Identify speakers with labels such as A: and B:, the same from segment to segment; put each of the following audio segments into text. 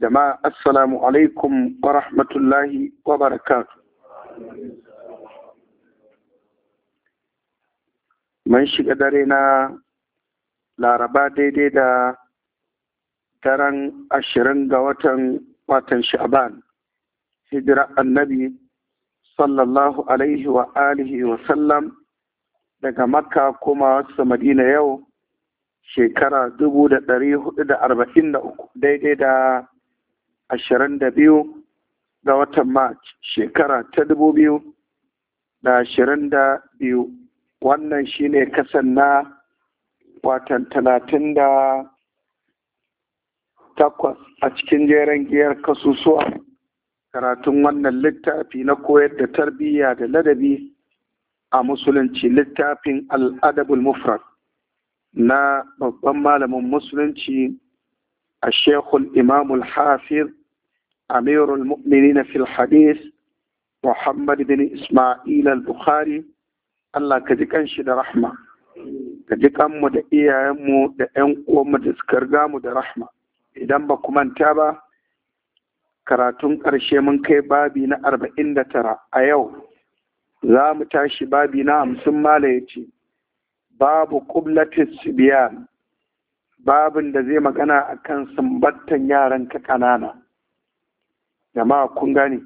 A: jama'a assalamu alaikum wa rahmatullahi wa barakatu mun shiga dare na laraba daidai da daren ashirin ga watan watan sha'ban hijira annabi sallallahu alaihi wa alihi wa sallam daga makka kuma wasu madina yau shekara dubu da ɗari hudu da arba'in da uku daidai da ashirin da biyu ga watan march shekara ta dubu biyu da ashirin da biyu wannan shine kasan na watan talatin da takwas a cikin jeren giyar kasusuwa karatun wannan littafi na koyar da tarbiyya da ladabi a musulunci littafin al'adabul mufrad na babban malamin musulunci a shekul imamul hafiz أمير المؤمنين في الحديث محمد بن إسماعيل البخاري الله كذكا شد رحمة كذكا مد إيا مو دا أن ومد سكرغا مد رحمة إذن بكمان تابا karatun ƙarshe mun kai babi na arba'in da tara a yau za mu tashi babi na hamsin mala ya ce babu kublatis biyan babin da zai magana akan sumbattan yaranka ƙanana jama'a kun gane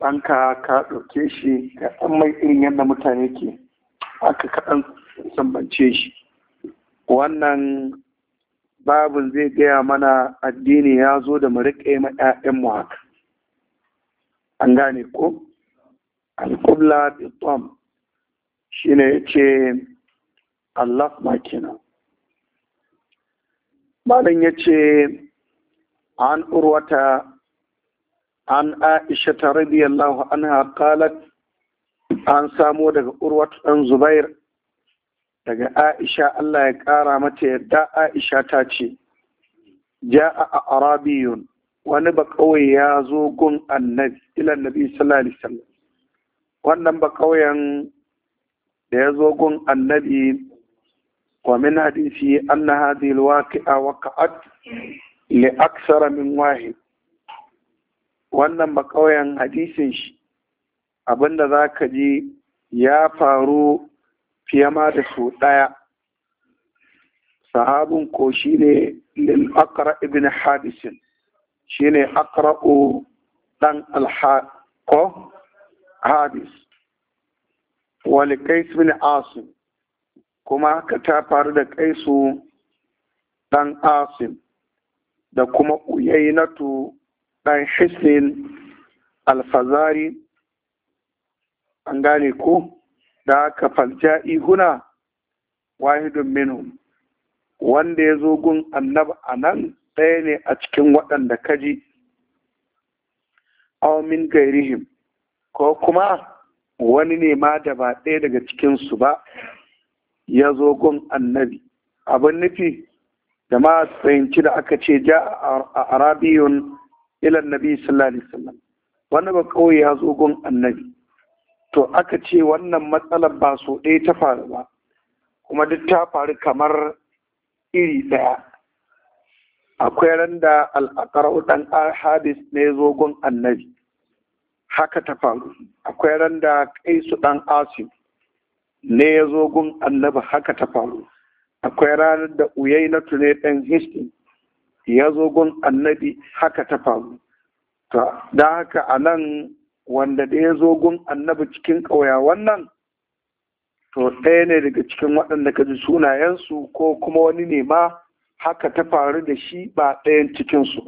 A: ɗanka ka ɗauke shi ga ɗan mai irin yadda mutane ke aka kaɗan sambance shi wannan babin zai gaya mana addini ya zo da mu riƙe ma 'ya'yanmu haka an gane ko alƙubla bitom shi ne ya ce allah makina malam ya ce an urwata an aisha ta radiyallahu anha qalat an samo daga urwat dan zubair daga aisha Allah ya kara mata yadda aisha ta ce a arabiyun wani ba kawai ya zo gun annabi ila sallallahu alaihi wasallam wannan ba kauyen da ya zo gun annabi wa min hadisi anna hadhihi alwaqi'a waqa'at li aksara min wahid wannan bakauyen hadisin shi abinda za ka ji ya faru fiye ma da su ɗaya sahabin ko shi ne lil'akara ibn hadisin shi ne akara'u ɗan alhaƙo hadis Wani kais bin asim kuma haka ta faru da kaisu ɗan asim da kuma uyainatu ɗan hislin alfazari an gane ko da aka falja ihuna, wahidun minhum wanda ya zo gun annab a nan ɗaya ne a cikin waɗanda ka ji min gairihim ko kuma wani ne ma da ba ɗaya daga cikinsu ba ya zo gun annabi abin nufi da ma da aka ce ja a arabiyun ilan nabi sallallahu alaihi wasallam wani ba kawai ya zo gun annabi to aka ce wannan matsalar ba so ɗaya ta faru ba kuma duk ta faru kamar iri ɗaya akwai ran da al'akarau ɗan hadis ne zo gun annabi haka ta faru akwai ran da kaisu ɗan asim ne ya zo gun annabi haka ta faru akwai ranar da na ne ɗan hiskin ya zo gun annabi haka ta faru ta da haka a nan wanda da ya zo gun annabi cikin ƙauya wannan to ɗaya ne daga cikin waɗanda ka ji sunayensu ko kuma wani ne ma haka ta faru da shi ba ɗayan cikinsu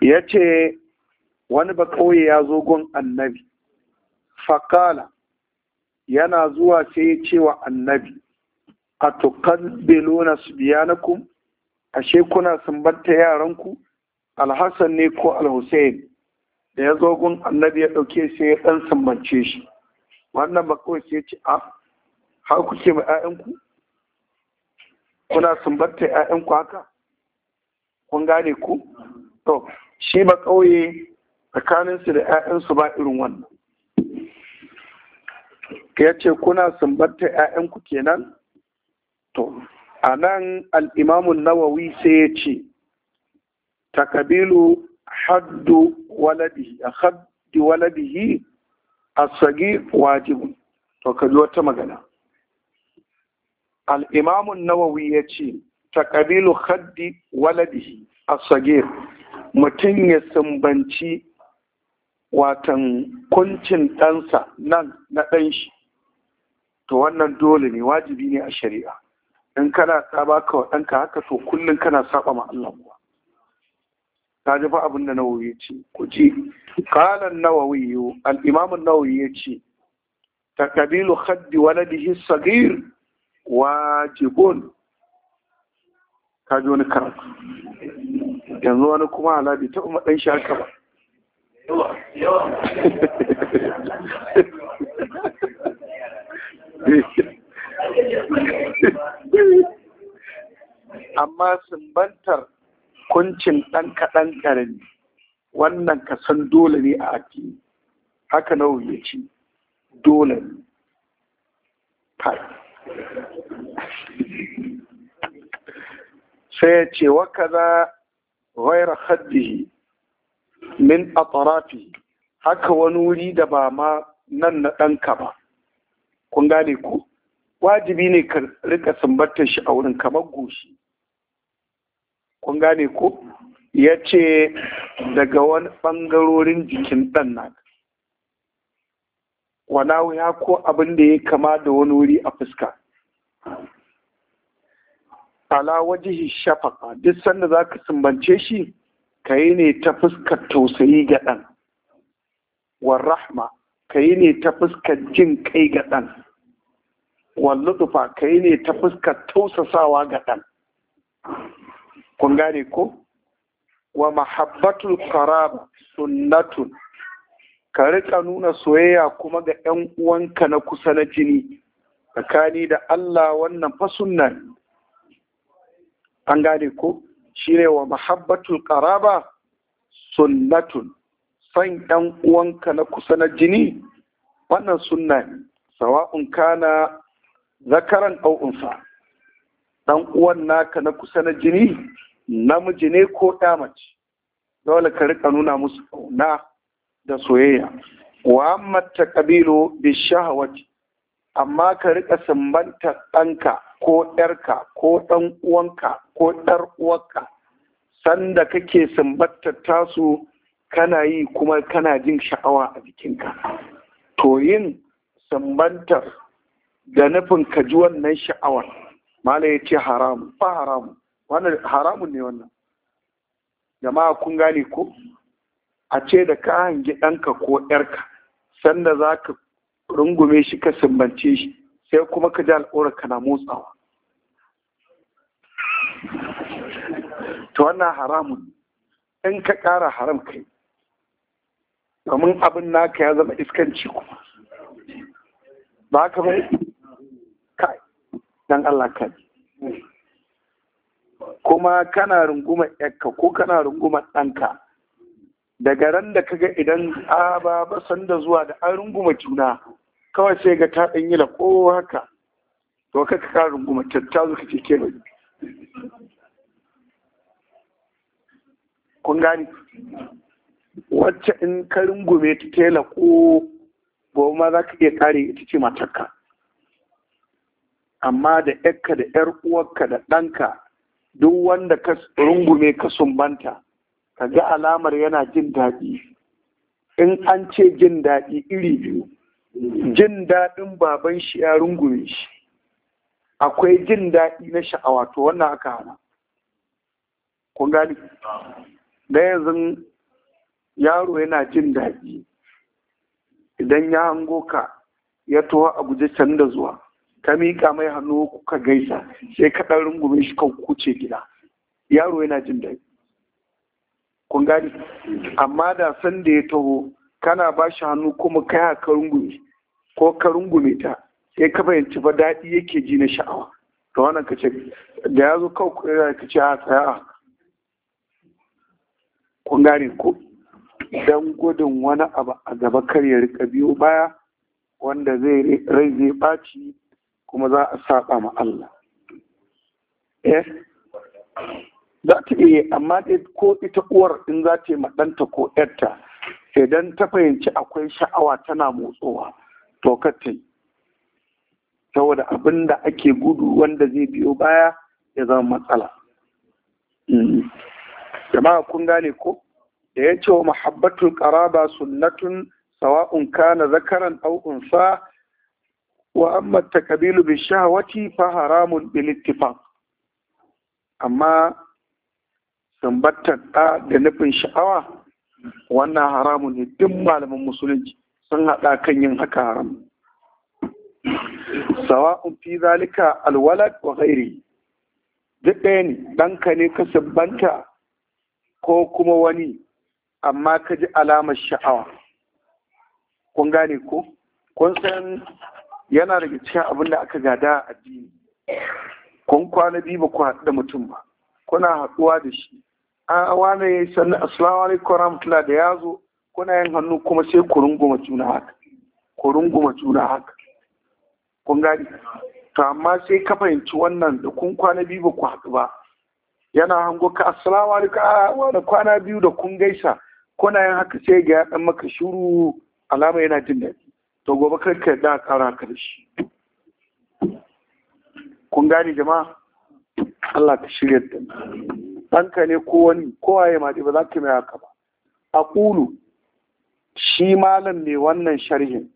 A: ya ce wani ba ƙauye ya zo gun annabi fakala yana zuwa sai ya ce wa annabi a tukan belona su biya na kum ashe kuna sumbanta yaranku alhassan ne ko alhussein da ya zo gun annabi ya ɗauke sai ya ɗan sumbance shi wannan ba kawai sai ce a ah, har kuke ma ƴaƴanku kuna sumbatta ƴaƴanku haka kun gane ku to shi ba ƙauye tsakaninsu da ƴaƴansu ba irin wannan ya ce kuna sumbatta ƴaƴanku kenan to a nan al'imamun nawawi sai ya ce takabilu haddu waladihi a haddi waladihi a sagi wajibun to ka ji wata magana al'imamun nawawi ya ce takabilu haddi waladihi a tsage mutum ya sumbanci watan kuncin ɗansa nan na ɗanshi to wannan dole ne wajibi ne a shari'a in kana saba ka ɗanka haka so kullum kana saba ma Allah kuwa ta ji fa abin da nawawi ya ce ku ji kalan nawawi al al'imamun nawawi ya ce Ta taqbilu khaddi waladihi sagir wajibun ka ji wani karatu yanzu wani kuma alabi ta umma ɗan shi haka ba hukuncin ɗan kaɗan ƙarami wannan ka san dole ne a addini haka nawa ya ce dole ne sai ya ce wa za waira khaddihi min atrafi haka wani wuri da ba ma nan na ɗanka ba kun gane ku. wajibi ne ka rika sumbatar shi a wurin kamar goshi kun gane ko ya ce daga wani ɓangarorin jikin ɗan nan wana ya ko abin da ya kama da wani wuri a fuska ala wajihi shafaka duk sanda za ka sumbance shi ka yi ne ta fuskar tausayi ga ɗan wa rahma ka yi ne ta fuskar jin kai ga ɗan lutufa ka yi ne ta fuskar tausasawa ga ɗan kun gane ko wa mahabbatul qarab sunnatun ka rika nuna soyayya kuma ga 'yan uwanka na kusa na jini tsakani da Allah wannan fa sunnan an gane ko shine wa mahabbatul qaraba sunnatun san 'yan uwanka na kusa na jini wannan sunna ne sawa'un kana zakaran aw unsa dan uwan naka na kusa na jini namiji ne ko ɗa mace dole ka rika nuna musu ƙauna da soyayya wa amma kabilo bi shahawati amma ka rika sumbanta ɗanka ko ɗarka ko ɗan uwanka ko ɗar uwanka, sanda kake sumbatta tasu kana yi kuma kana jin sha'awa a jikinka to yin sumbantar da nufin ka ji wannan sha'awar mala ya ce haramu fa haramu. wannan haramun ne wannan jama'a kun gane ko a ce da ka hangi ɗanka ko ƴarka sanda za ka rungume shi ka sumbance shi sai kuma ka ji al'ura ka na motsawa to wannan haramun in ka ƙara haram kai domin abin naka ya zama iskanci kuma ba ka bai kai dan Allah ka kuma kana runguma yakka ko kana runguma ɗanka daga ran da kaga idan a ba san da zuwa da an runguma juna kawai sai ga ta ɗan yi ko haka to ka ka runguma tattazo ke ba kun gani wacce in ka rungume ta tela ko goma za ka iya kare ita ce matarka amma da yakka da yar uwarka da ɗanka duk wanda ka rungume ka sumbanta ka ga alamar yana jin daɗi in an ce jin daɗi iri biyu jin daɗin baban shi ya rungume shi akwai jin daɗi na sha'awa to wannan aka hana kun gani da yanzu yaro yana jin daɗi idan ya hango ka ya towa a guje can da zuwa ta miƙa mai hannu kuka gaisa sai ka ɗan rungume shi kan kuce gida yaro yana jin daɗi kun gani amma da san da ya taho kana ba shi hannu kuma kai ka rungume ko ka rungume ta sai ka fahimci ba daɗi yake ji na sha'awa to wannan ka ce da ya zo kawai ka ce a ah, tsaya kun gane ko don gudun wani abu a gaba kar ya riƙa biyo baya wanda zai rai zai ɓaci kuma za a saba ma Allah eh za ta iya amma dai ko ita uwar in za ta yi ma ɗanta ko ‘yarta idan ta fahimci akwai sha'awa tana motsowa to ta yi saboda abin da ake gudu wanda zai biyo baya ya zama matsala mm. jama'a kun gane ko da ya ce wa mahabbatul ƙaraba sunnatun sawa'un kana zakaran ɗau'unsa wa amma takabilu bi shahwati fa haramun bil ittifaq amma sambatar da da nufin sha'awa wannan haramun ne duk malaman musulunci sun haɗa kan yin haka haram sawa'un fi zalika alwalad wa ghairi duk ɗaya ne ɗanka ne ka sabbanta ko kuma wani amma ka ji alamar sha'awa kun gane ko kun san yana daga cikin abin da aka gada a addini kun kwana biyu ba ku haɗu da mutum ba kuna haɗuwa da shi an awa ne ya sannu assalamu alaikum rahmatullah da ya zo kuna yin hannu kuma sai ku runguma juna haka ku runguma juna haka kun gani to amma sai ka fahimci wannan da kun kwana biyu ba ku haɗu ba yana hango ka assalamu alaikum a kwana biyu da kun gaisa kuna yin haka sai ga ya ɗan maka shuru alama yana jin daɗi to gobe kai ka da kara ka da shi kun gane jama'a Allah ka shirya da ɗanka ne ko wani Ko waye maɗi ba za ka mai haka ba a ƙulu shi malam ne wannan sharhin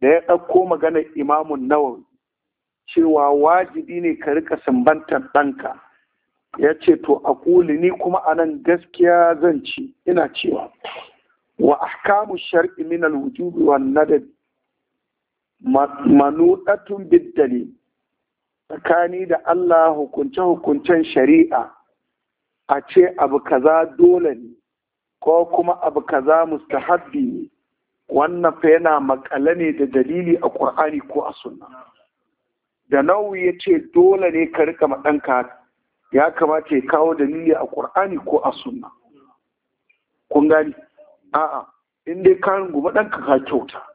A: da ya ɗauko maganar imamun nawawi cewa wajibi ne ka rika sumbantar ɗanka ya ce to a ƙuli ni kuma a nan gaskiya zan ci ina cewa wa ahkamu shar'i min al-wujubi wan nadabi manudatun biddali tsakani da Allah hukunce-hukuncen shari'a a ce abu kaza dole ne ko kuma abu kaza mustahabbi ne wannan fa yana makale ne da dalili a ƙur'ani ko a sunna da nau'i ya ce dole ne ka rika maɗanka ya kamata ya kawo dalili a ƙur'ani ko a sunna kun gani a'a in dai ka rungu ɗanka ka kyauta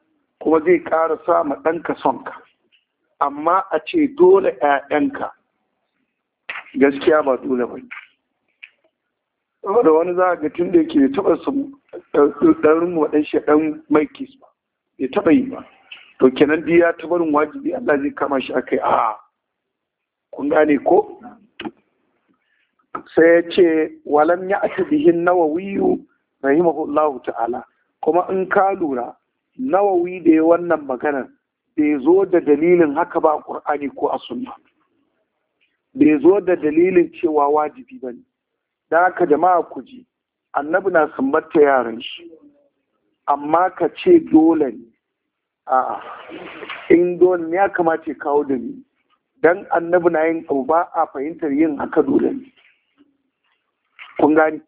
A: kuma zai ƙara sa ma ɗanka sonka amma a ce dole ‘ya'yanka gaskiya ba dole ba saboda wani za ga tun da yake taɓa su ɗarin waɗan shaɗan mai kis ba bai taɓa yi ba to kenan biya ya ta barin wajibi Allah zai kama shi akai a kun gane ko sai ya ce walam ya ake bihin nawa, nawawiyu rahimahullahu ta'ala kuma in ka lura nawawi da ya wannan maganar bai zo da dalilin haka ba ƙur'ani ko a sunna bai zo da dalilin cewa wajibi ba ne da haka jama'a ku ji annabi na sumbata yaran shi amma ka ce dole ne a in dole ne ya kamata ya kawo da ni dan annabi na yin abu ba a fahimtar yin haka dole ne kun gani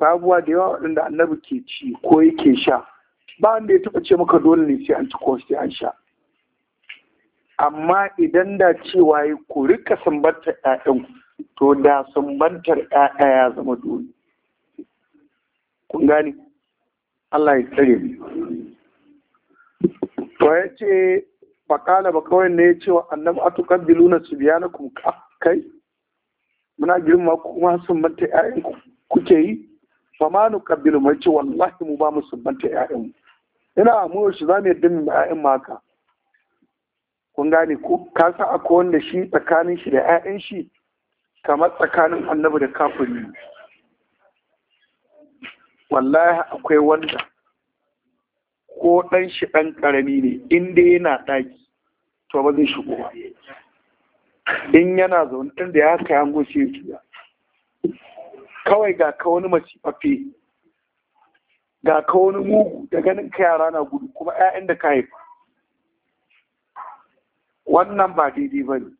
A: abubuwa da yawa waɗanda annabi ke ci ko yake sha ba wanda ya taɓa ce maka dole ne sai an ci ko sai an sha amma idan da cewa ya ku rika sambantar ƴaƴan to da sambantar ƴaƴa ya zama dole kun gane Allah ya tsare ni to ya ce ƙala ba kawai ne ya ce wa annabi atuqabbiluna ka kai muna girma kuma sumbanta ƴaƴanku kuke yi fa ma nuqabbilu mai ce wallahi mu ba mu sumbanta ƴaƴanmu ina amuwar shi za mu yadda mu ma'a'in maka kun gane ko ka sa akwai wanda shi tsakanin shi da 'ya'yan shi kamar tsakanin annabi da kafiri wallahi akwai wanda ko ɗan shi ɗan ƙarami ne in dai yana ɗaki to ba zai shigo ba in yana zaune da ya kai ya hango kawai ga ka wani mace ga ka wani mugu da ganin ka yara na gudu kuma 'ya'yan da ka haifa wannan ba daidai ba ne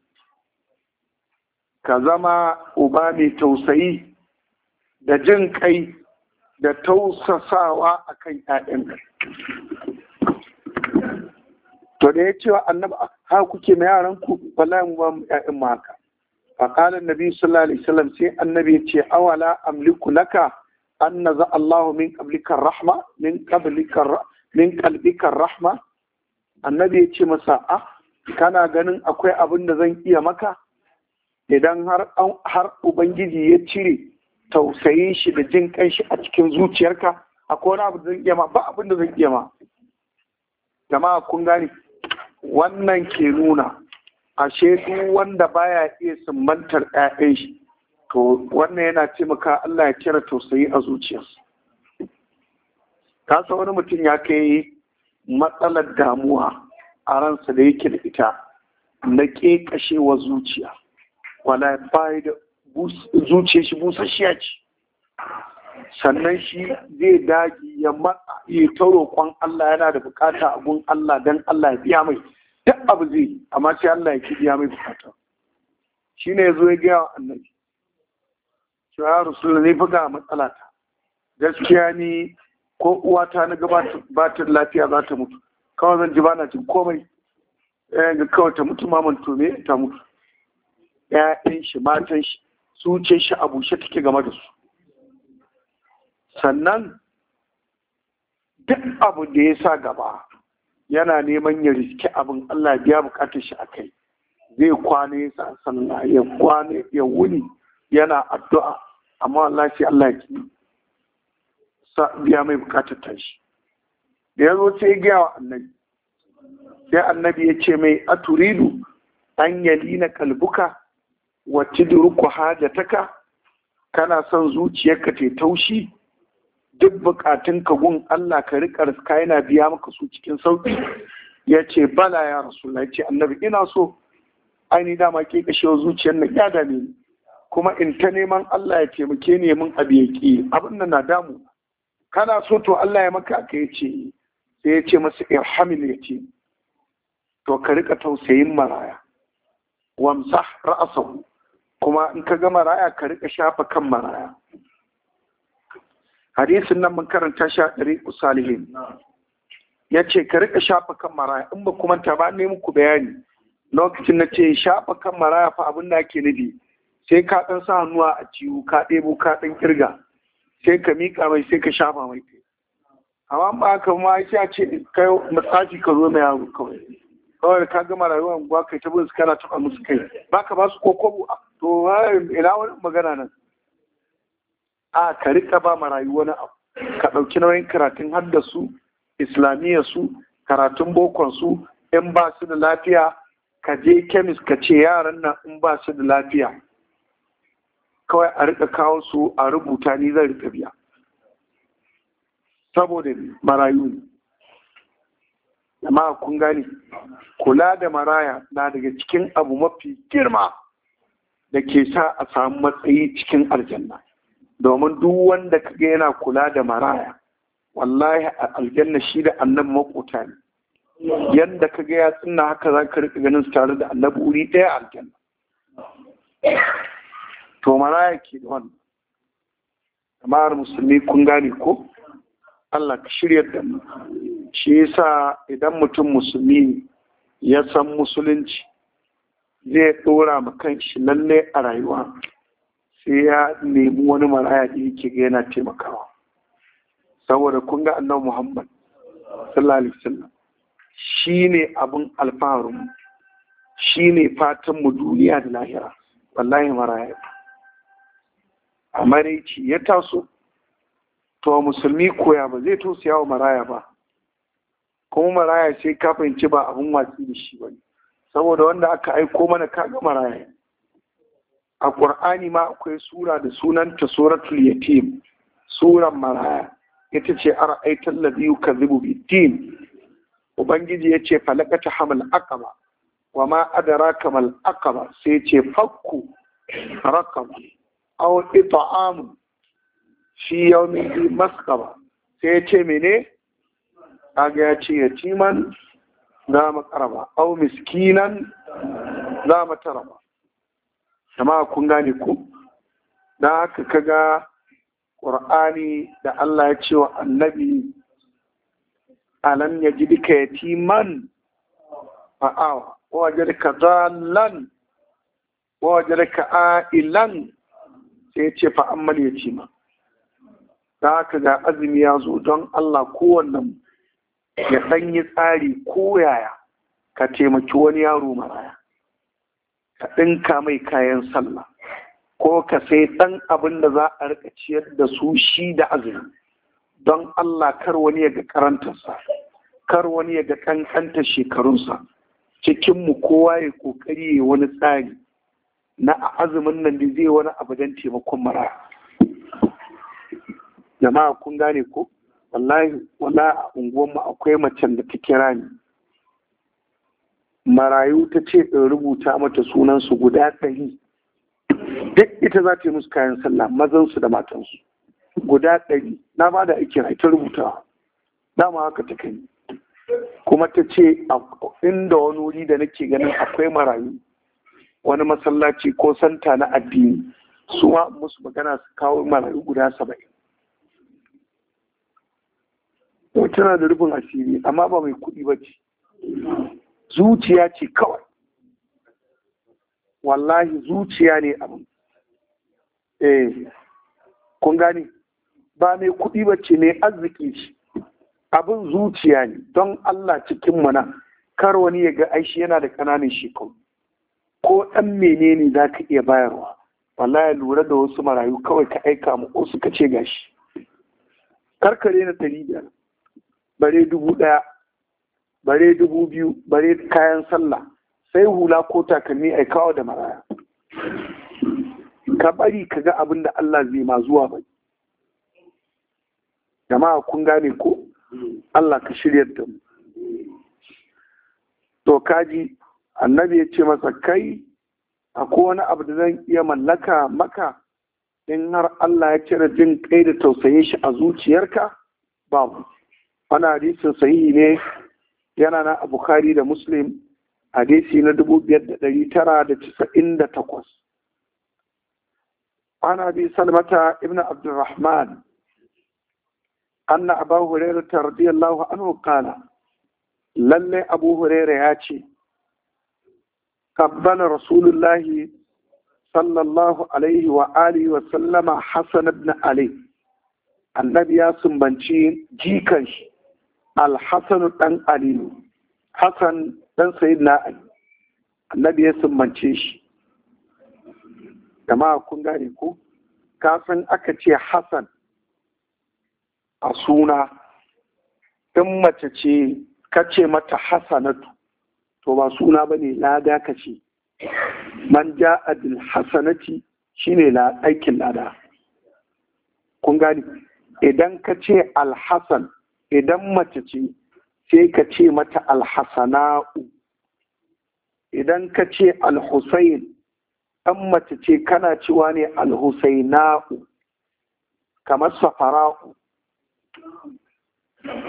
A: ka zama uba mai tausayi da jin kai da tausasawa a kan 'ya'yan to da ya cewa annaba ha kuke na yaran ku wallahi ba mu 'ya'yan mu haka fa qala annabi sallallahu alaihi wasallam sai annabi ya ce awala amliku laka an Allahu min qablikar rahma min qablikar rahma annabi ya ce masa ah, kana ganin akwai abin da zan iya maka idan har har ubangiji ya cire tausayin shi da jin kanshi a cikin zuciyarka akwai wani abu da zan iya ma ba abin da zan iya ma jama'a kun gane wannan ke nuna ashe duk wanda baya iya sumbantar 'ya'yan shi to wannan yana taimaka Allah ya kira tausayi a zuciyarsa kasa wani mutum ya kai matsalar damuwa a ransa da yake da ita na ƙeƙashewa zuciya wala bai da zuciya shi busasshiya ce sannan shi zai dagi ya matsa kwan Allah yana da bukata a gun Allah don Allah ya biya mai duk abu zai amma sai Allah ya ki biya mai bukata shine yazo ya gaya wa annabi ya da zai buga matsala ta gaskiya ni ko uwata na gabatar lafiya za ta mutu kawai zan ji bana jin komai ɗayan eh, ga kawai ta mutu maman to me ta mutu ƴaƴan shi matan shi ce shi a bushe take game da su sannan duk abu da ya sa gaba yana neman ya riske abin Allah biya bukatar shi a kai zai kwane sa sannan ya kwane ya wuni yana addu'a amma Allah sai Allah ki sa biya mai bukatar tashi da ya sai gaya wa annabi sai annabi ya ce mai aturidu an yalina kalbuka wa tidruku hajataka kana son zuciyarka ta taushi duk bukatun ka gun Allah ka rika ka yana biya maka su cikin sauki yace bala ya rasulullah ya ce annabi ina so aini dama ke kashe zuciyar na ya dame ni kuma in ta neman Allah ya taimake ni min abu ya abin nan na damu kana so to Allah ya maka aka yace sai ya ce masa irhamil ce. to ka rika tausayin maraya wamsah ra'asahu kuma in ka ga maraya ka rika shafa kan maraya hadisin nan mun karanta sha ɗari usalihin ya ce ka rika shafa kan maraya in ba kuma ta ba ne muku bayani lokacin na ce shafa kan maraya fa abin da ake nufi sai ka ɗan sa hannuwa a ciwo ka ɗebo ka ɗan kirga sai ka miƙa mai sai ka shafa mai amma ba ka ma sai a ce kai ka zo mai yaro kawai kawai ka gama rayuwa unguwa kai ta bin kana taɓa musu kai ba ka ba su ko kobo to ina wani magana nan a ka riƙa ba ma rayuwa na abu ka ɗauki nauyin karatun hadda su islamiyya su karatun bokon su in ba su da lafiya ka je kemis ka ce yaran nan in ba su da lafiya kawai a rika kawo su a rubuta ni zan rika biya saboda marayu ne amma kun gane kula da maraya na daga cikin abu mafi girma da ke sa a samu matsayi cikin aljanna domin duk wanda kaga yana kula da maraya wallahi a aljanna shi da annabi makota ne ka kaga ya tsinna haka za ka rika ganin su tare da annabi wuri ɗaya aljanna to maraya ke da wannan jama'ar musulmi kun gane ko Allah ka shirya da mu shi yasa idan mutum musulmi ya san musulunci zai ɗora ma shi lalle a rayuwa sai ya nemi wani maraya da yake ga yana taimakawa saboda kun ga annabi Muhammad sallallahu alaihi wasallam shine abin alfaharin shine fatan mu duniya da lahira wallahi maraya a maraici ya taso to musulmi koya ba zai tosiya wa maraya ba kuma maraya sai ka fahimci ba abin watsi da shi bane saboda wanda aka aiko mana kaga maraya a ƙur'ani ma akwai sura da sunanta suratul yatim suran maraya ita ce ara'aitar ladhi yukazzibu bid-din ubangiji ya yace falakata hamal aqaba wa ma adraka mal aqaba sai ce fakku raqaba aw it'am fi yawmin bi maskaba sai ya ce mene kaga ya ce yatiman za mu karaba aw miskinan za mu taraba jama'a kun gane ku dan ka kaga Qur'ani da Allah ya ce wa annabi alam yajidika yatiman fa'awa wajadka dhallan wajadka a'ilan sai ya ce fa ammal ya ce ma ta haka ga azumi ya zo don Allah kowannan ya ɗan yi tsari ko yaya ka taimaki wani yaro maraya ka ɗinka mai kayan sallah ko ka sai ɗan abin da za a rika ciyar da su shi da azumi don Allah kar wani ya ga karantarsa kar wani ya ga kankanta shekarunsa cikinmu kowa ya kokari ya wani tsari na azumin nan da zai wani abu don taimakon mara jama'a kun gane ko wallahi wala a unguwanmu akwai macen da ta kira ni marayu ta ce in rubuta mata sunansu guda ɗari duk ita za ta yi musu kayan sallah mazansu da matansu guda ɗari na ba da aikin ita rubuta dama haka ta kai kuma ta ce inda wani wuri da nake ganin akwai marayu wani masallaci ko santa na addini su ma musu magana su kawo marayu guda saba'in tana da rufin asiri amma ba mai kuɗi ba ce zuciya ce kawai wallahi zuciya ne abin eh kun gane ba mai kuɗi ba ce mai arziki ce abin zuciya ne don Allah cikin mana kar wani ya ga aishi yana da ƙananan shekaru ko ɗan menene za ka iya bayarwa ya lura da wasu marayu kawai ka aika mu ko suka ce gashi karkare na ɗari biyar bare dubu ɗaya bare dubu biyu bare kayan sallah sai hula ko takalmi a kawo da maraya ka bari ka ga abin da Allah zai ma zuwa bai jama'a kun gane ko hmm. Allah ka shirya da mu to kaji annabi ya ce masa kai akwai wani abu da zan iya mallaka maka in har Allah ya cire jin kai da tausayin shi a zuciyarka babu wani hadisin sahihi ne yana na a Bukhari da Muslim hadisi na dubu biyar da ɗari tara da casa'in da takwas. Ana bi salmata ibn Abdulrahman anna abu hurairu ta radiyallahu anhu kala lalle abu hurairu ya ce قبل رسول الله صلى الله عليه وآله وسلم حسن بن علي النبي يا سنبنشي جيكنش الحسن بن علي حسن بن سيدنا علي النبي ياسم سنبنشيش jama'a kun gane ko kafin aka ce hassan a suna in mace to ba suna bane lada ce. man ja'a bil hasanati shine la aikin lada kun gani idan ka ce alhassan idan mace ce sai ka ce mata alhassana'u idan ka ce alhussain ɗan mace ce kana cewa ne alhussaina'u kamar safara'u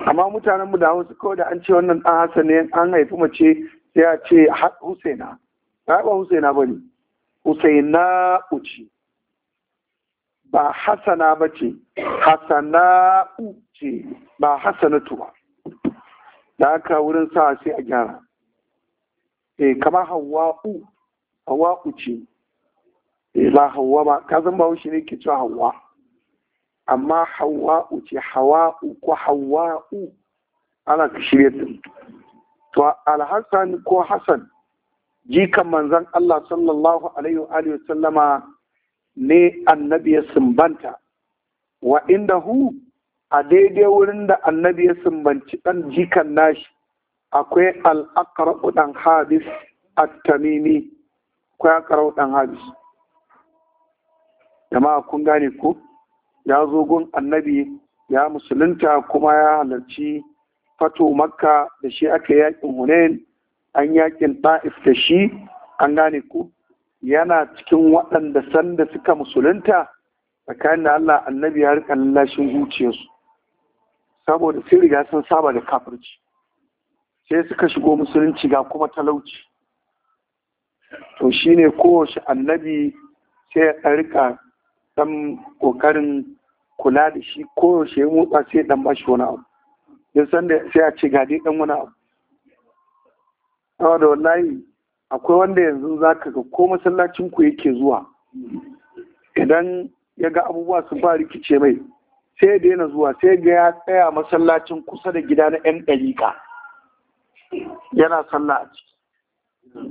A: amma mutanenmu da hausa kawai da an ce wannan ɗan hassan ne an haifi mace ya ce husaina ba ba husaina ba ne husaina uci ba hasana ba ce hasana uci ba hasanatu ba da aka wurin sa sai a gyara ma eh, kama u hawa uci e eh, la hawa ba ka san ba shi ne ke cewa hawa amma uci, hawa hawa'u ko u ana ka shirya to alhassan ko hassan jikan manzan Allah sallallahu alaihi wa sallama ne annabi ya sumbanta wa inda hu a daidai wurin da annabi ya sumbanci dan jikan nashi akwai al'akarau dan habis at-tamimi akwai akarau dan habis jama'a kun gane ko ya zo gun annabi ya musulunta kuma ya halarci fato makka da shi aka yakin hunain an yakin ta'if da shi an gane ku yana cikin waɗanda sanda suka musulunta tsakanin da Allah annabi ya rika lallashin zuciyarsu saboda sun riga sun saba da kafirci sai suka shigo musulunci ga kuma talauci to shine kowace annabi sai ya rika dan kokarin kula da shi koyaushe ya motsa sai dan bashi wani abu san sanda sai a ce ga dai dan wani abu amma da wallahi akwai wanda yanzu za ka ga ko masallacin ku yake zuwa idan ya ga abubuwa sun ba rikice mai sai ya daina zuwa sai ga ya tsaya masallacin kusa da gida na yan ɗariƙa yana sallah a ciki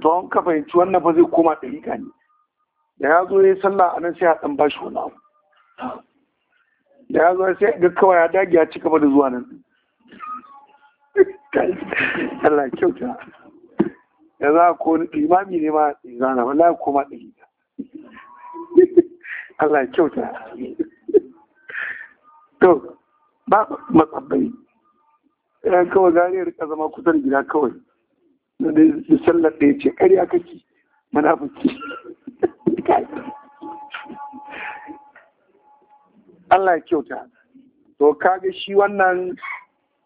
A: to an ka fahimci wannan ba zai koma ɗariƙa ne da ya zo ya yi sallah a nan sai a ɗan bashi wani abu da ya zo sai ga kawai ya dage ya ci gaba da zuwa nan Allah kyauta ya za ko imami ne ma zana wala ko ma ɗari Allah kyauta to ba matsabbai ya kawai gane ya rika zama kusan gida kawai na da sallar ɗaya ce ƙarya kake munafiki
B: Allah kyauta
A: to kaga shi wannan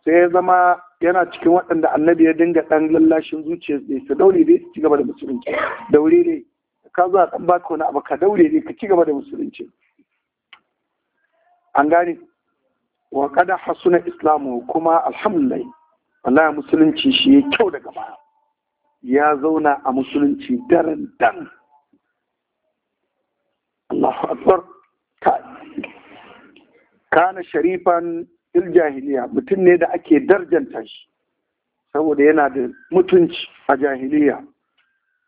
A: sai ya zama yana cikin waɗanda annabi ya dinga ɗan lallashin zuciyar da ka daure dai ci gaba da musulunci daure ne ka zo a ɗan baka wani abu ka daure ne ka ci gaba da musulunci an gane wa kada hasuna islamu kuma alhamdulillah wallahi musulunci shi ya
B: kyau daga baya
A: ya zauna a musulunci daren dan Allahu akbar kana sharifan fil jahiliya mutum ne da ake darjanta shi saboda yana da mutunci a jahiliya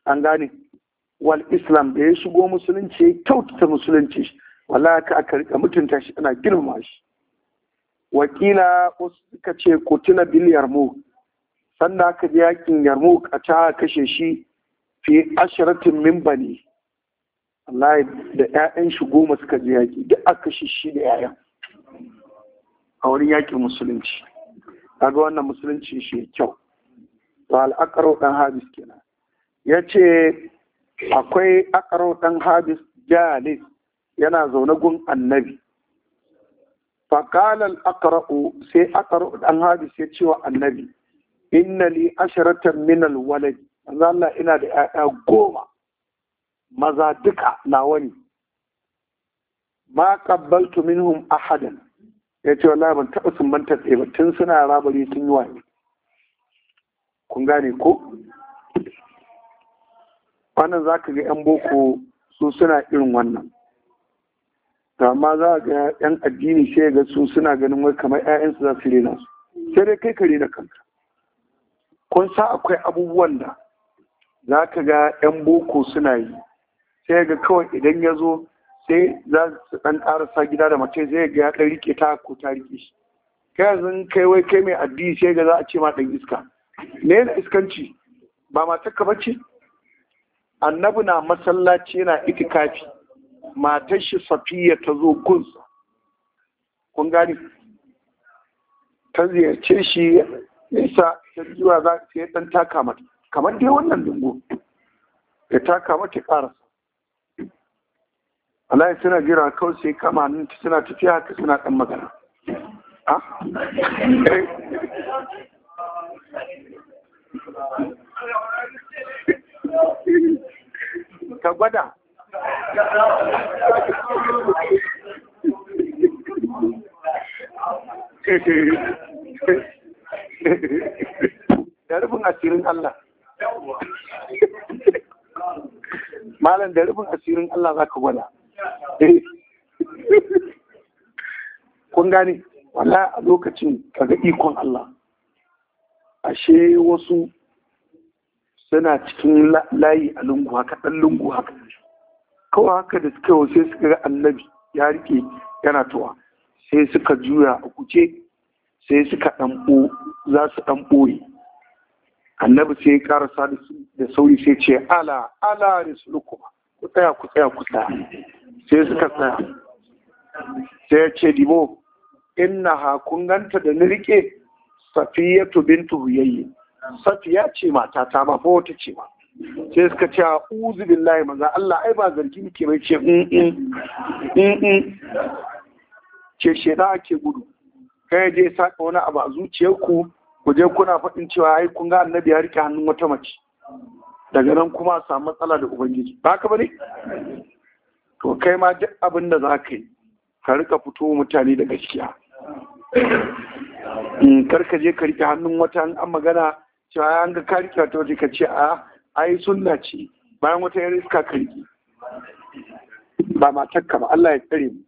A: an gane wal islam da ya shigo musulunci ya kyautata musulunci wala ka aka rika mutunta shi ana girma shi wakila wasu suka ce kutila bil yarmu sannan aka ji yakin yarmu a ta kashe shi fi ashiratin min bani Allah da 'ya'yan shi goma suka ji yaki duk aka kashe shi da 'ya'yan a wani yakin musulunci ga wannan musulunci shi kyau to al'akaro dan ke nan. ya ce akwai akaro ɗan habis jalis yana zaune gun annabi Fakalal akara'u sai akara'u ɗan habis ya ce wa annabi inna li asharatan min alwalad manzo Allah ina da 'ya'ya goma maza duka nawa ne ma qabbaltu minhum hadin. ya ce wallahi ban taɓa sumbanta tsaye ba tun suna rabari tun yi wani kun gane ko wannan za ka ga 'yan boko su suna irin wannan to amma za ga 'yan addini sai ga su suna ganin wai kamar 'ya'yansu za su rena su sai dai kai ka rena kanka kun sa akwai abubuwan da za ka ga 'yan boko suna yi sai ga kawai idan ya zo sai za su ɗan ƙarasa gida da mace zai ga ya ɗan rike ta ko ta rike shi kai yanzu kai wai kai mai addini sai ga za a ce ma ɗan iska me na iskanci ba matar ka bace annabi na masallaci yana itikafi matar shi safiya ta zo gunsa kun gani ta ziyarce shi nisa ta zuwa za ta yi ɗan taka mata kamar dai wannan dungo ya taka mata ƙarasa wallahi suna jira kawai sai kama nan suna tafiya haka suna ɗan magana eh. ka gwada da rufin asirin Allah malam da rufin asirin Allah za ka gwada kun gane wala a lokacin kaga ikon Allah ashe wasu suna cikin layi a lungu haka ɗan lungu haka kawai haka da suka yau sai suka ga annabi ya rike yana tuwa, sai suka juya a kuce sai suka ɗanɓo za su ɗan ɓoye annabi sai ya karasa da sauri sai ce ala ala da su ku tsaya ku tsaya ku tsaya sai suka sa sai ya ce dibo ina kun ganta da ni rike safiyatu bintu huyayye safiya ce mata ta ma ko wata ce ma? sai suka ce uzu billahi maza Allah ai ba zargi muke mai ce in
B: mm, in mm, mm,
A: ce sheda ake gudu kai je saka wani abu a zuciyarku ku je kuna faɗin cewa ai kun ga annabi ya rike hannun wata mace daga nan kuma a samu matsala da ubangiji ba ka bane to kai ma duk abin da za ka yi ka rika fito mutane da gaskiya mm, karka je ka hannun wata an magana cewa an ga karki wata waje ka ce a ayi sunna ce bayan wata yar iska karki. ba matakka ba Allah ya tsare mu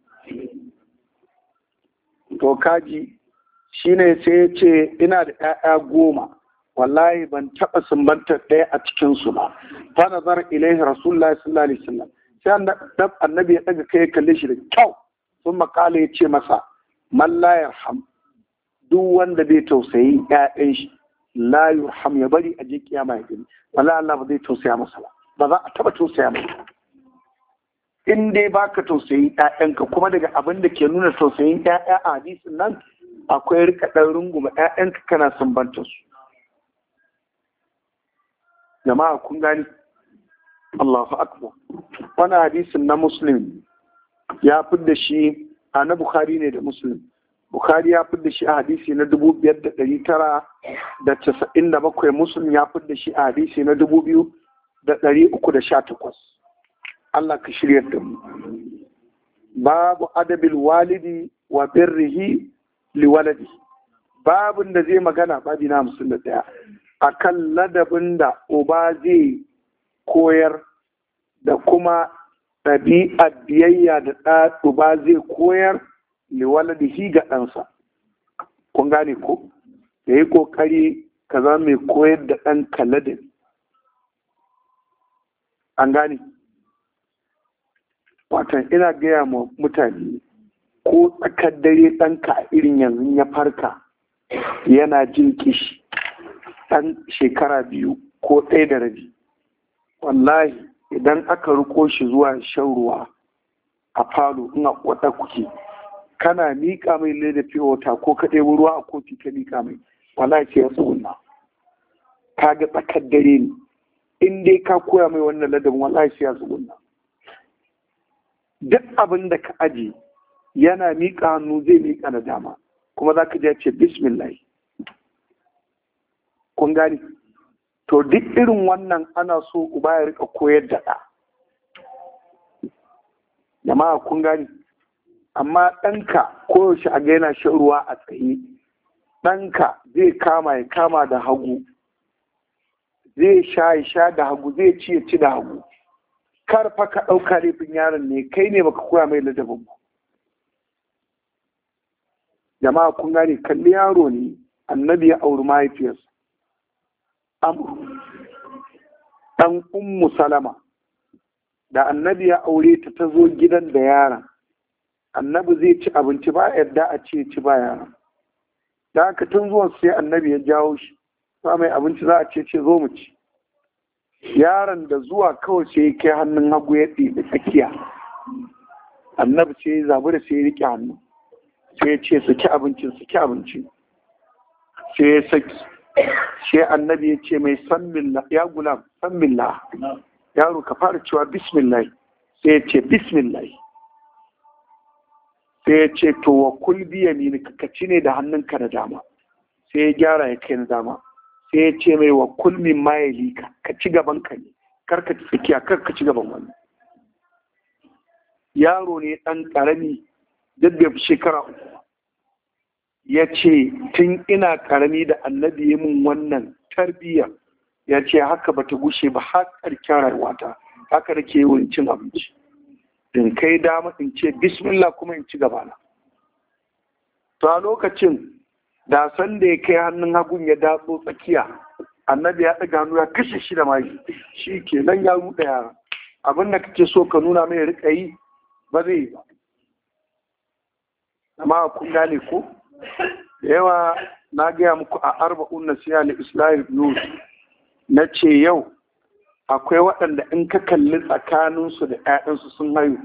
A: to kaji shi ne sai ya ce ina da 'ya'ya goma wallahi ban taɓa sumbanta ɗaya a cikinsu ba fa nazar ilaihi rasulullahi sallallahu alaihi wasallam sai annabi ya daga kai kalle shi da kyau sun makala ya ce masa mallayar ham duk wanda bai tausayi ƴaƴan shi la Ham ya bari a je kiyama ya gani wala Allah ba zai tausaya masa ba ba za a taba tausaya masa in dai baka tausayi ƴaƴanka kuma daga abin da ke nuna tausayin ƴaƴa a hadisin nan akwai rika ɗan runguma ƴaƴanka kana sumbanta su jama'a kun gani Allahu akbar wani hadisin na muslim ya fidda shi a na bukhari ne da muslim bukhari ya fidda shi a hadisi na dubu biyar da ɗari tara da casa'in da bakwai muslim ya fidda shi a hadisi na dubu biyu da ɗari uku da sha takwas Allah ka shirya da mu babu adabil walidi wa birrihi liwaladi babin da zai magana babi na hamsin da ɗaya akan ladabin da uba zai koyar da kuma ɗabi'ar biyayya da ɗa ba zai koyar liwaladihi ga ɗansa kun gane ko ya yi ƙoƙari ka za mai koyar da ɗan kaladin an gane watan ina gaya ma mutane ko tsakar dare ɗanka a irin yanzu ya farka yana jin kishi ɗan shekara biyu ko ɗaya da rabi wallahi idan aka riko shi zuwa shan ruwa a falo ina kwata kuke kana miƙa mai leda wata ko ka ɗebi ruwa a kofi ka miƙa mai wallahi ce ya tsohonna ka ga tsakar dare ne in dai ka koya mai wannan ladan wallahi ce ya tsohonna duk abin da ka aje yana miƙa hannu zai miƙa na dama kuma za ka je ce bismillah kun gane to duk irin wannan ana so uba ya rika koyar da ɗa jama'a kun gani amma ɗanka koyaushe a ga yana shan ruwa a tsaye ɗanka zai kama ya kama da hagu zai sha ya sha da hagu zai ci ya ci da hagu kar fa ka ɗauka laifin yaron ne kai ne baka koya mai ladabin ba jama'a kun gani, kalli yaro ne annabi ya auri mahaifiyarsa ɗan ummu salama da annabi ya aure ta ta zo gidan da yaron annabi zai ci abinci ba yadda a ce ci ba yara. da haka tun zuwan sai annabi ya jawo shi ba mai abinci za a ce ce zo mu ci yaron da zuwa kawai sai ya kai hannun hagu ya ɗiɗi tsakiya annabi sai ya zabi da sai ya riƙe hannu sai ya ce saki abincin saki abinci sai ya saki shi annabi ya ce mai san millah ya gulam san millah yaro ka fara cewa bismillah sai ya ce bismillah sai ya ce to wa kul biya ni ka ci ne da hannunka na dama sai ya gyara ya kai na dama sai ya ce mai wa kul min mayali ka ka ci gaban ka ne kar ka tsakiya kar ka ci gaban wani yaro ne dan karami duk da shekara uku ya ce tun ina karami da annabi ya mun wannan tarbiyyar ya ce haka ba ta gushe ba har ƙarƙen rayuwata haka da ke yawan cin abinci in kai dama in ce bismillah kuma in ci gabana to a lokacin da san da ya kai hannun hagun ya datso tsakiya annabi ya ɗaga hannu ya kashe shi da mai shi ke nan ya ruɗa yara abin da kake so ka nuna mai riƙa yi ba zai yi ba amma kun gane ko yawa na gaya muku a arba'un siya na Isra'il news na ce yau akwai waɗanda in ka kalli tsakaninsu da 'ya'yansu sun hayu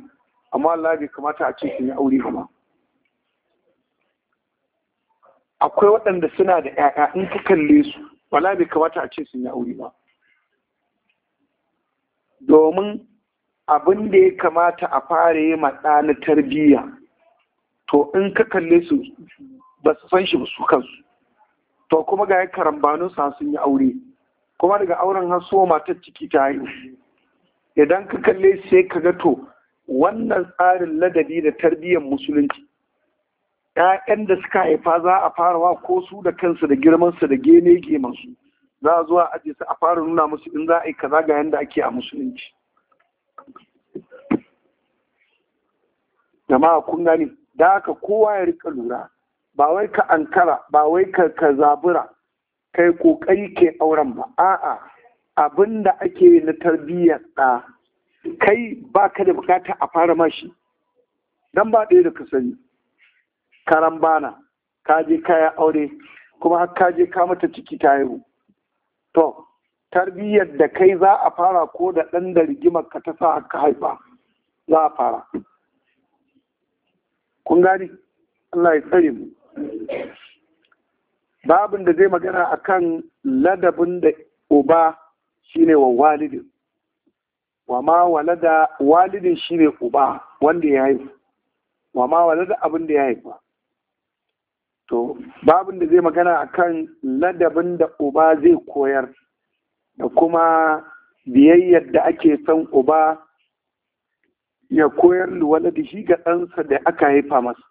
A: amma Allah bai kamata a ce sun yi aure ba akwai waɗanda suna da 'ya'ya in ka kalle su wala bai kamata a ce sun yi aure ba domin abin da ya kamata a fara yi ma ɗa na tarbiyya to in ka kalle su ba su san shi ba su kansu to kuma ga karambanin sa sun yi aure kuma daga auren har so matar ciki ta haihu idan ka kalle sai ka ga to wannan tsarin ladabi da tarbiyyar musulunci ‘ya'yan da suka haifa za a fara wa ko su da kansu da girmansu da gene su za a zuwa aje su a fara nuna musu in za a yi kaza ga yadda ake a musulunci jama'a kun gani da haka kowa ya rika lura ba wai ka ankara ba wai ka ka zabura kai kokari ke auren ba a'a abinda da ake na tarbiyyar da kai ba ka da bukata a fara mashi dan ba ɗaya da ka sani karan bana ka je kaya aure kuma har ka je ka mata ciki ta haihu to tarbiyyar da kai za a fara ko da ɗan da rigimar ka ta sa ka haifa za a fara kun gani Allah ya sani mu babin da zai magana akan ladabin da uba shine wa walidin wa ma walada walidin shine uba wanda ya yi. wa ma walada abin da ya haifa to babin da zai magana akan ladabin da uba zai koyar da kuma biyayyar da ake son uba ya koyar da shi ga ɗansa da aka haifa masa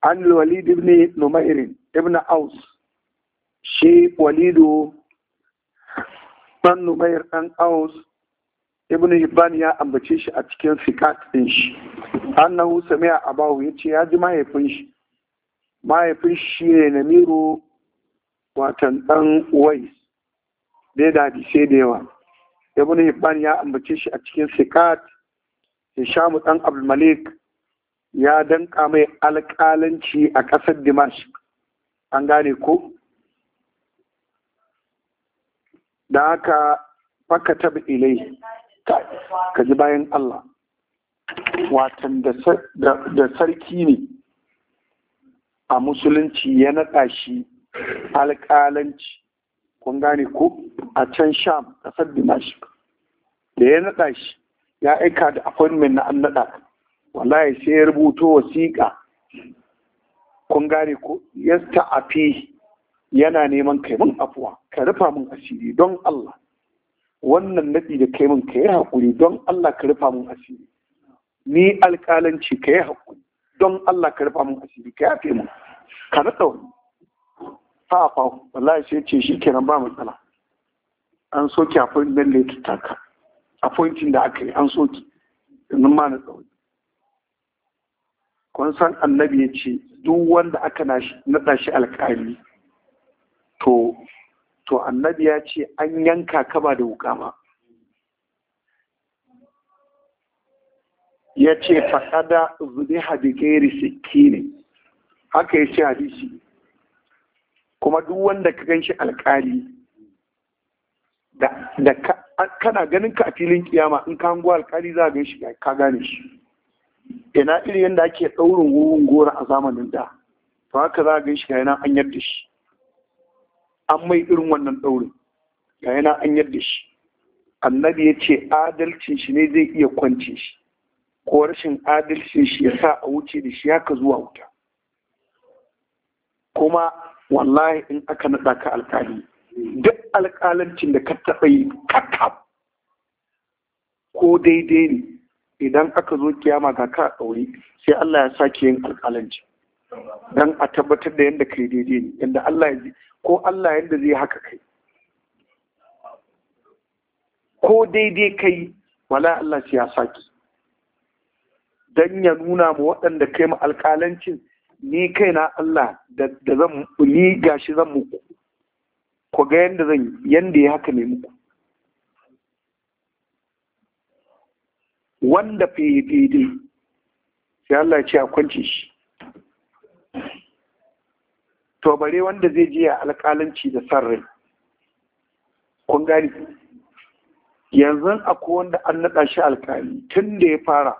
A: an walid ibn numairin ibn aus shi walidu ɗan numair ɗan aus ibn hibban ya ambace shi a cikin fikat ɗin shi annahu mai abawu ya ce ya ji mahaifin shi mahaifin shi ne namiru watan ɗan wais dai da sai da yawa ibn hibban ya ambace shi a cikin sikat hisham dan abdul malik ya danka mai alƙalanci a ƙasar dimash an gane ko da haka faka tabi ilai ka ji bayan Allah watan da sarki ne a musulunci ya naɗa shi alƙalanci kun gane ko a can sham kasar dimashik da ya naɗa shi ya aika da appointment na an naɗa wallahi sai ya rubuto wasiƙa kun gane ko ya ta'afi yana neman kai afuwa ka rufa mun asiri don Allah wannan naɗi da kai ka yi haƙuri don Allah ka rufa mun asiri ni alƙalanci ka yi haƙuri don Allah ka rufa mun asiri ka yafe min ka naɗa wani fa'afa wallahi sai ce shi kenan ba matsala an soke appointment letter taka appointing da aka yi an soke nan ma na tsawon kun san annabi ya ce duk wanda aka naɗa shi alƙali to to annabi ya ce an yanka kaba da wukama ya ce faɗaɗa haɗe hadigairi sikki ne haka ya ce hadisi kuma duk wanda ka ganshi alƙali, da kana ganin ka a filin kiyama in ka hango alƙali za a ganshi ka gane shi ina irin yadda ake ɗaurin wurin gora a zamanin da to haka za a ganshi ga yana an yadda shi an mai irin wannan ɗaurin ga yana an yadda shi annabi ya ce adalcin shi ne zai iya kwance shi ko rashin adalcin shi ya sa a wuce da shi haka zuwa wuta kuma wallahi in aka naɗa ka alkali duk alkalancin da ka taɓa yi kakab ko daidai ne idan aka zo kiyama ga ka ɗauri sai Allah ya sake yin alkalanci don a tabbatar da yadda kai daidai ne yadda Allah ya ko Allah yadda zai haka kai ko daidai kai wala Allah sai ya sake don ya nuna mu waɗanda kai mu alkalancin ni kaina Allah da zan ni gashi zan muku ku ga yanda zan yanda ya haka ne muku wanda fi daidai sai Allah ce a kwance shi to bare wanda zai je a alƙalanci da san rai kun gani yanzu akwai wanda an naɗa shi alƙali tun da ya fara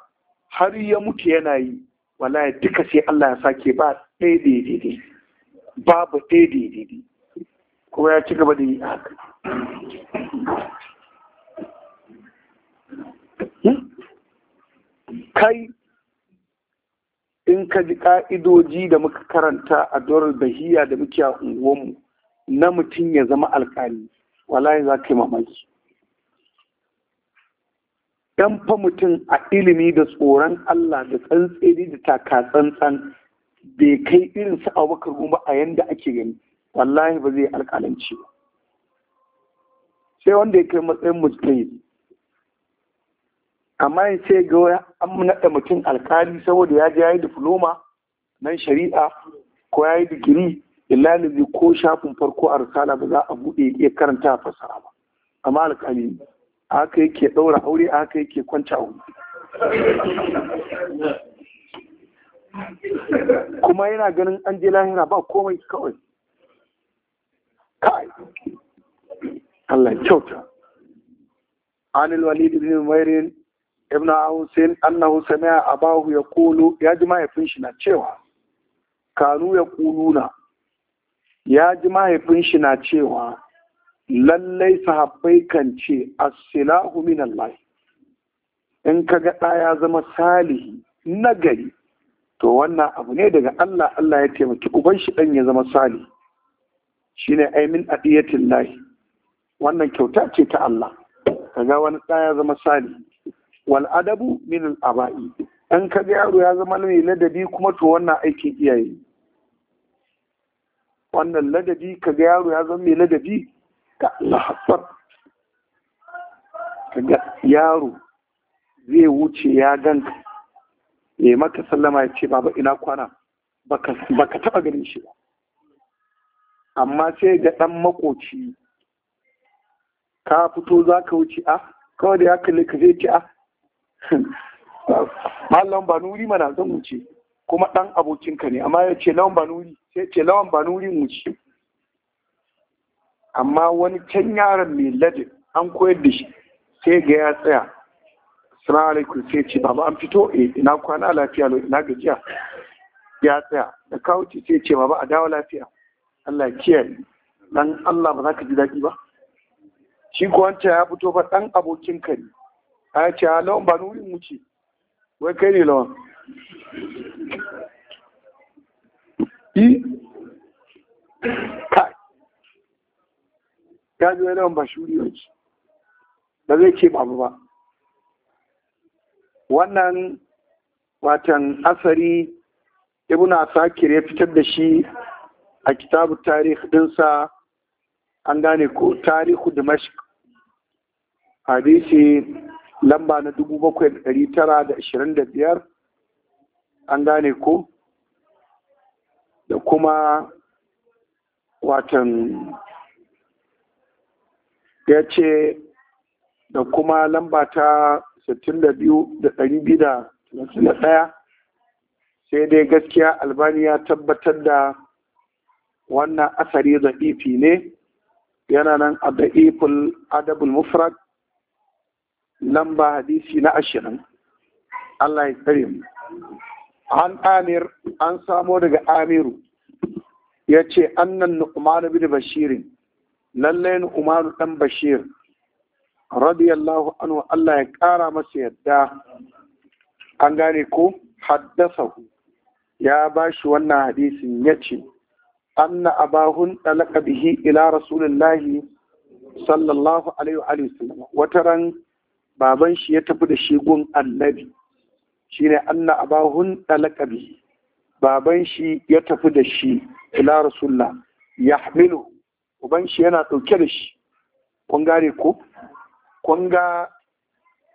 A: har ya mutu yana yi wallahi duka sai Allah ya sake ba ɗaya daidai babu ɗaya daidai kuma ya ci gaba da yi haka kai in ka ji ƙa'idoji da muka karanta a doron bahiya da muke a unguwanmu na mutum ya zama alƙali wallahi za ka yi mamaki dan fa mutum a ilimi da tsoron Allah da tsantseni da taka tsantsan bai kai irin su abubakar ba a yanda ake gani wallahi ba zai alƙalanci ba sai wanda ya kai matsayin mutane. amma in sai ga an naɗa mutum alkali saboda ya je ya yi difloma nan shari'a ko ya yi digiri ilalibi ko shafin farko a risala ba za a buɗe ya karanta fasaha ba amma alkali ne aka yake ɗaura aure aka yake kwanta aure kuma yana ganin an je lahira ba komai kawai kai Allah kyauta an al-walid ibn umair ibn hussein annahu sami'a abahu yaqulu ya ji mahaifin shi na cewa kanu yaquluna ya ji mahaifin shi na cewa lallai sahabbai kan ce as-silahu min Allah in kaga ɗa ya zama salihi nagari to wannan abu ne daga Allah Allah ya taimaki uban shi ɗan ya zama salihi. shine ai min adiyatin lahi wannan kyauta ce ta Allah kaga wani ɗa ya zama sali wal adabu min al aba'i in kaga yaro ya zama mai ladabi kuma to wannan aikin iyaye wannan ladabi kaga yaro ya zama mai ladabi ka lahabar ga yaro zai wuce ya ganka ya maka sallama ya ce baba ina kwana baka taba ganin shi ba amma sai ga ɗan makoci ka fito za ka wuce a ah, kawai da ya kalli ka zai ce a ah. mallam ba nuri mana zan wuce kuma dan abokinka ne amma ya ce lawan ba nuri sai ce lawan ba nuri wuce amma wani can yaron mai ladin an koyar da shi sai ga ya tsaya salamu alaikun sai ce baba an fito eh ina kwana lafiya lo ina gajiya ya tsaya da kawo ce sai ce baba a dawo lafiya Allah kiyaye dan Allah ba za ka ji daɗi ba shi ko wancan ya fito ba dan abokin ka ne a ce a lawan ba nuri wuce wai kai ne lawan i ka ya zo yana ba shuri wanci ba zai ce babu ba wannan watan asari ibn asakir ya fitar da shi a kitabu tarihi dinsa an gane ko tarihu dimashq hadisi lamba na dubu bakwai da tara da ashirin da biyar an gane ko da kuma watan ya ce da kuma lamba ta 62,231 da sai dai gaskiya albani ya tabbatar da wannan asari za'ifi ne yana nan a da'iful adabul mufrad lamba hadisi na ashirin Allah ya tsare mu an amir an samo daga amiru ya ce annan nu'man bin bashirin lallai umaru dan bashir radiyallahu anhu Allah ya ƙara masa yadda an gane ko haddasahu ya bashi wannan hadisin ya ce anna abahun ɗalaka bihi ila rasulillahi sallallahu alaihi wa sallam wata ran baban shi ya tafi da shi gun annabi shine anna abahun ɗalaka bihi baban shi ya tafi da shi ila rasulullah ya hamilu uban shi yana ɗauke da shi kun gane ko kun ga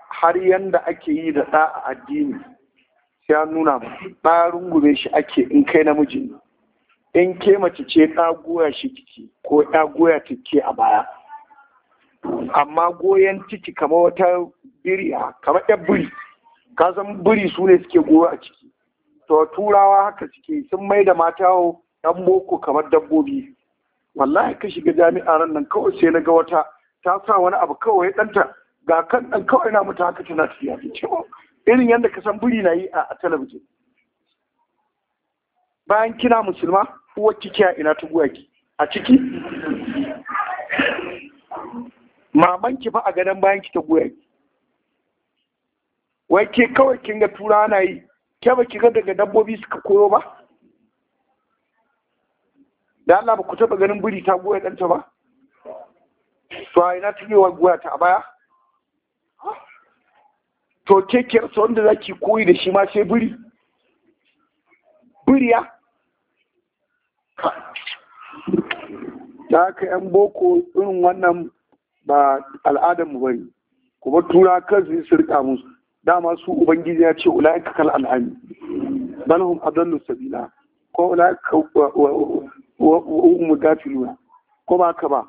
A: har yanda ake yi da ɗa addini sai ya nuna ɗa rungume shi ake in kai namiji ne in ke mace ce ɗa goya shi kiki, ko ɗa goya take a baya amma goyon ciki kama wata biri kama ɗan biri ka san biri su ne suke goya a ciki to turawa haka suke sun mai da mata yan boko kamar dabbobi wallahi ka shiga jami'a ran nan kawai sai na ga wata ta sa wani abu kawai ɗanta ga kan ɗan kawai na mata haka tana tafiya ta ce oh, irin yadda ka san buri na yi a talabijin bayan kina musulma uwar kiki a ina ta guwa ki a ciki maman ki fa a gadon bayan ki ta guya ki wai ke kawai kin ga tura na yi ke ba ki ga daga dabbobi suka koyo ba da Allah ba ku taɓa ganin biri ta goya ɗanta ba to a ina ta wa goya ta a baya to ke kiyarsa wanda za ki koyi da shi ma sai biri biriya da ka yan boko irin wannan ba al'adar mu bane kuma tura kan su su rika musu dama su ubangiji ya ce ulaika kal an'ami balhum adallu sabila ko ulaika wa gafiluna ko ba ka ba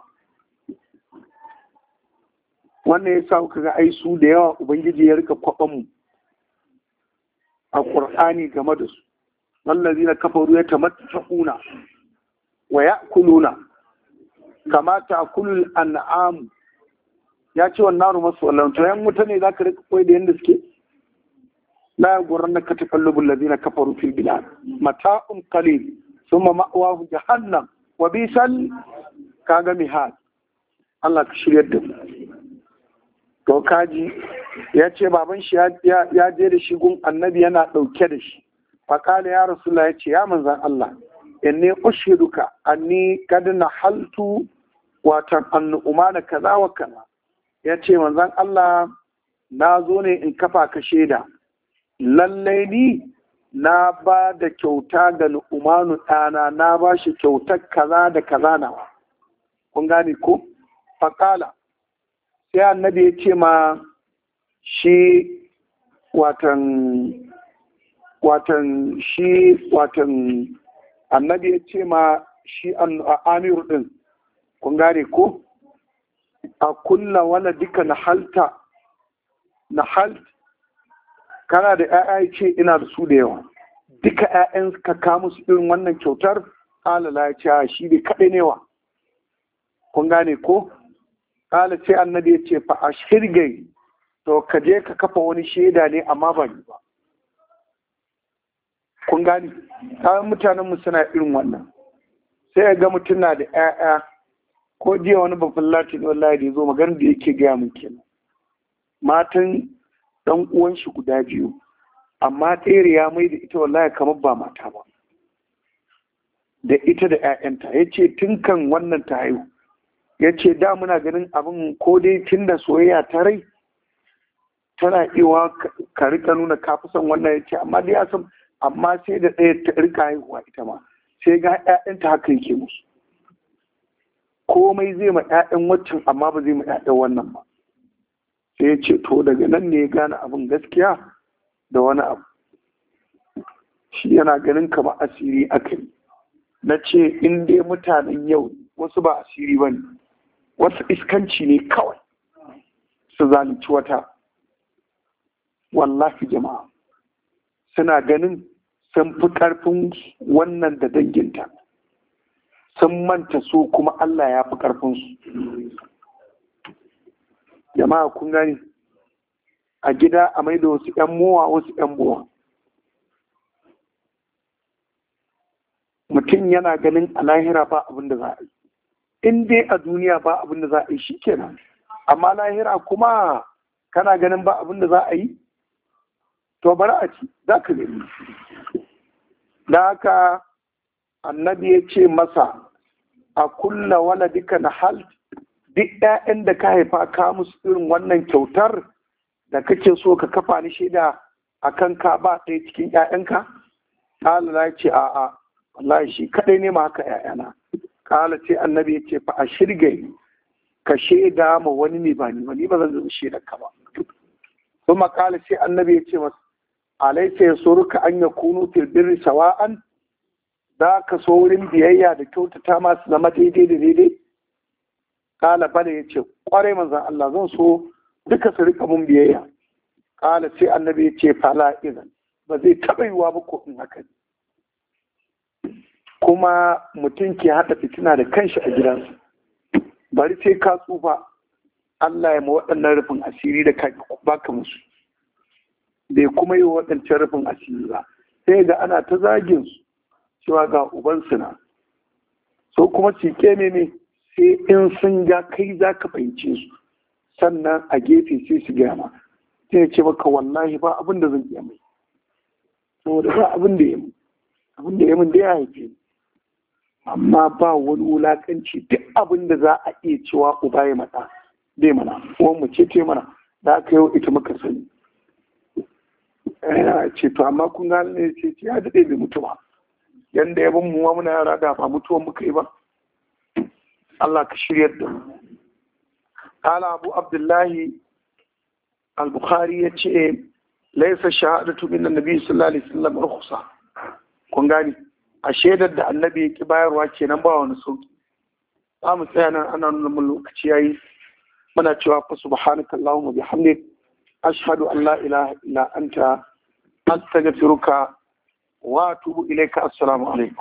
A: wannan ya sa kaga ai su da yawa ubangiji ya rika kwaban mu a qur'ani game da su wallazina kafaru yatamatta'una wa ya'kuluna kama ta'kulul an'am ya ce wannan naru masu wallan to yan wuta ne zaka rika koyi da yanda suke la yaghurrannaka taqallubul ladina kafaru fil bilad mata'un qalil thumma ma'wahu jahannam wa bisal kaga mihad Allah ka shiryar da to kaji ya ce baban shi ya je da shi gun annabi yana ɗauke da shi faƙala ya rasu ya ce ya manzan Allah inni ushiduka anni kad nahaltu watan annu umana kaza wa kaza ya ce manzan Allah na zo ne in kafa ka shaida lallai ni na ba da kyauta ga lu'umanu ɗana na ba shi kyautar kaza da kaza nawa kun gane ko Fakala, sai annabi ya ce ma shi watan watan shi watan annabi ya ce ma shi amiru ɗin kun gane ko a kulla wala duka na halta na halta kana da ƴaƴa ce ina da su da yawa duka ƴaƴan ka ka musu irin wannan kyautar alala ya ce shi ne kaɗai wa? kun gane ko ala ce annabi ya ce fa a shirgai to ka je ka kafa wani shaida ne amma ba ni ba kun gane kayan mutanen mu suna irin wannan sai ga mutum na da 'ya'ya ko jiya wani babban latin wallahi da ya zo magana da yake gaya mun kenan matan dan uwan shi guda biyu amma tsere ya mai da ita wallahi kamar ba mata ba da ita da 'ya'yanta ya ce tun kan wannan ta haihu ya da muna ganin abin ko dai tun da soyayya ta rai tana iwa ka rika nuna kafi son wannan ya amma dai ya san amma sai da ɗaya ta rika haihuwa ita ma sai ga 'ya'yanta haka yake musu komai zai ma 'ya'yan waccan amma ba zai ma 'ya'yan wannan ba sai ya ce to daga nan ne ya gane abin gaskiya da wani abu shi yana ganin kama asiri aka yi na ce in dai mutanen yau wasu ba asiri ba ne wasu iskanci ne kawai su zalunci wata Wallafi jama'a suna ganin sun fi ƙarfin wannan da danginta sun manta su kuma Allah ya fi ƙarfinsu jama'a kun gani a gida a mai da wasu ƴan mowa wasu ƴan bowa mutum yana ganin a lahira ba abin da za a yi in dai a duniya ba abin da za a yi shi nan, amma lahira kuma kana ganin ba abin da za a yi to bari a ci za ka gani da haka annabi ya ce masa a kulla waladika na halt duk ƴaƴan da ka haifa ka musu irin wannan kyautar da kake so ka kafa ni shaida a kan ka ba ɗaya cikin ƴaƴanka ƙala na ce a'a wallahi shi kaɗai ne ma haka ƴaƴana ƙala ce annabi ya ce fa a shirge ka shaida ma wani ne ba ni ba ni ba zan zama shaidar ka ba kuma ƙala sai annabi ya ce masa alaisa ya soruka an ya kunu tilbirri sawa'an za ka so wurin biyayya da kyautata masu zama daidai da daidai kala bala ya ce kwarai manzan Allah zan so duka su rika mun biyayya kala sai annabi ya ce fala idan ba zai taɓa yiwa ba ko in haka kuma mutum ke haɗa fitina da kanshi a gidansu bari sai ka tsufa Allah ya ma waɗannan rufin asiri da ka baka musu bai kuma yi waɗancan rufin asiri ba sai ga ana ta zagin su cewa ga ubansu na so kuma cike ne ne sai in sun ga kai za ka fahimce su sannan a gefe sai su gaya ma sai ya ce maka wallahi ba abin da zan iya mai saboda ba abin da ya mu abin da ya mun da ya haife ni amma ba wani wulakanci duk abin da za a iya cewa uba ya mata bai mana uwan mu ce ce mana da aka yau ita muka sani yana ce to amma kun gane ne ce ya daɗe mai mutuwa yanda ya ban mu muna yara da ba mutuwan muka yi ba Allah ka shirya da mu Kala Abu Abdullahi Al-Bukhari ya ce laisa shahadatu min annabi sallallahu alaihi wasallam rukhsa kun gani a shaidar da annabi ya ki bayarwa ke nan ba wani sauki za mu tsaya nan ana nuna mun lokaci ya yi. muna cewa fa subhanaka allahumma bihamdik ashhadu an la ilaha illa anta astaghfiruka wa atubu ilayka assalamu
B: alaikum